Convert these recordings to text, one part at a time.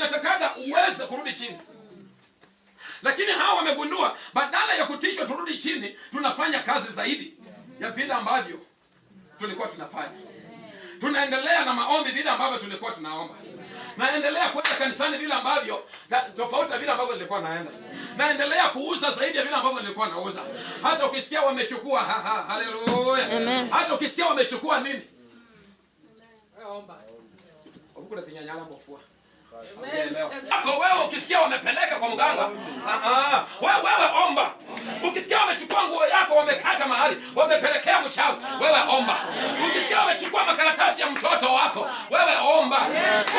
inatakaga uweze kurudi chini, lakini hawa wamegundua badala ya kutishwa turudi chini, tunafanya kazi zaidi ya vile ambavyo tulikuwa tunafanya. Tunaendelea na maombi vile ambavyo tulikuwa tunaomba, naendelea kuenda kanisani vile ambavyo tofauti na vile ambavyo nilikuwa naenda naendelea kuuza zaidi ya vile ambavyo nilikuwa nauza. Hata ukisikia wamechukua ha -ha, haleluya! Hata ukisikia wamechukua nini ako wewe ukisikia wamepeleka kwa mganga, wewe ah, ah. wewe omba. Ukisikia wamechukua nguo yako wamekata mahali, wamepelekea mchawi, wewe omba. Ukisikia wamechukua makaratasi ya mtoto wako, wewe omba.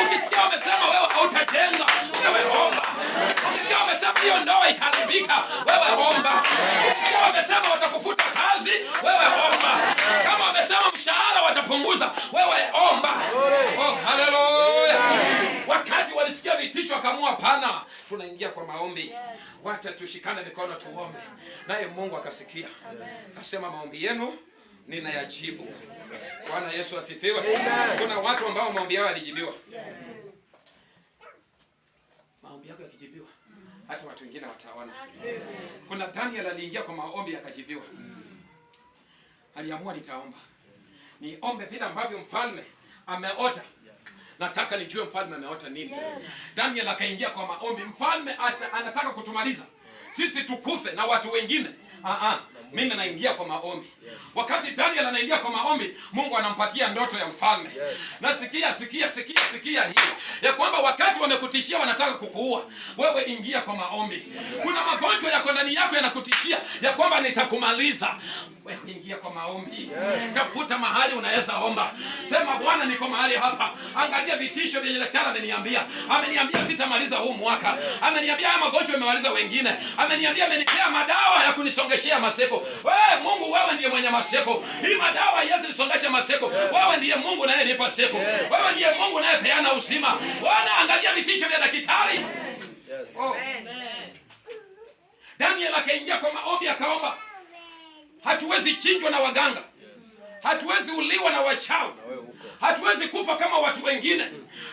Ukisikia wamesema wewe hautajenga, wewe omba. Ukisikia wamesema hiyo ndoa itaribika wewe omba. Ukisikia wamesema watakufuta kazi, wewe omba. Kama wamesema mshahara watapunguza, wewe omba. akamua pana, tunaingia kwa maombi yes. Wacha tushikane mikono tuombe, naye Mungu akasikia akasema, maombi yenu ninayajibu. Bwana Yesu asifiwe. Kuna watu ambao maombi yao yalijibiwa. Yes. Maombi yako yakijibiwa mm-hmm. hata watu wengine wataona. Kuna Daniel aliingia kwa maombi akajibiwa, aliamua nitaomba, niombe vile ambavyo mfalme ameota nataka nijue mfalme ameota nini. Yes. Daniel akaingia kwa maombi, mfalme anataka kutumaliza sisi tukufe na watu wengine. Ah ah mimi naingia kwa maombi yes. Wakati Daniel anaingia kwa maombi, Mungu anampatia ndoto ya mfalme yes. Na sikia sikia sikia sikia hii ya kwamba wakati wamekutishia wanataka kukuua wewe, ingia kwa maombi yes. Kuna magonjwa yako ndani yako yanakutishia ya kwamba nitakumaliza ingia kwa maombi yes. Tafuta mahali unaweza omba, sema Bwana, niko mahali hapa, angalia vitisho vyenye daktari ameniambia, ameniambia sitamaliza huu mwaka yes. Ameniambia haya magonjwa yamemaliza wengine, ameniambia amenipea madawa ya kunisongeshea maseko wewe Mungu, wewe ndiye mwenye maseko. Hii madawa Yesu isongeshe maseko. Wewe ndiye Mungu naye nipa seko. Wewe ndiye Mungu naye peana uzima. Bwana, angalia vitisho vya daktari. Oh. Daniel akaingia kwa maombi akaomba. Hatuwezi chinjwa na waganga. Hatuwezi uliwa na wachawi. Hatuwezi kufa kama watu wengine.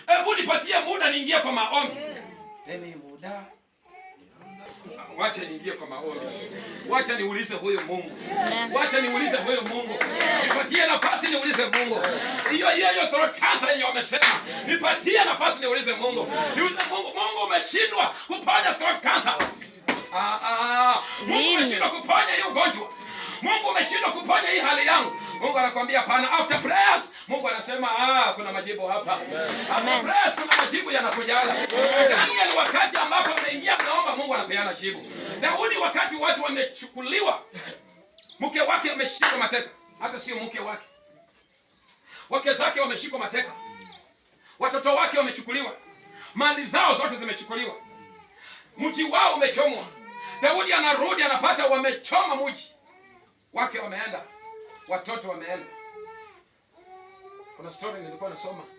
Hebu nipatie muda niingie kwa maombi. Yes. Wacha niingie kwa maombi. Wacha niulize huyo Mungu. Wacha niulize huyo Mungu. Nipatie nafasi niulize Mungu. Hiyo hiyo hiyo throat cancer yenye wamesema. Nipatie nafasi niulize Mungu. Niulize Mungu, Mungu umeshindwa kuponya throat cancer. Ah ah. Mungu umeshindwa kuponya hiyo ugonjwa. Mungu umeshindwa kuponya hii hali yangu. Mungu anakuambia pana After prayers, Mungu anasema ah, kuna majibu hapa. Amen. After prayers kuna majibu yanakuja. Ndani ya wakati ambapo umeingia anapeana jibu. Na huu ni wakati watu wamechukuliwa, mke wake ameshikwa mateka, hata sio mke wake, wake zake wameshikwa mateka, watoto wake wamechukuliwa, mali zao zote zimechukuliwa, mji wao umechomwa. Daudi anarudi anapata wamechoma mji wake, wameenda watoto wameenda. Kuna story nilikuwa nasoma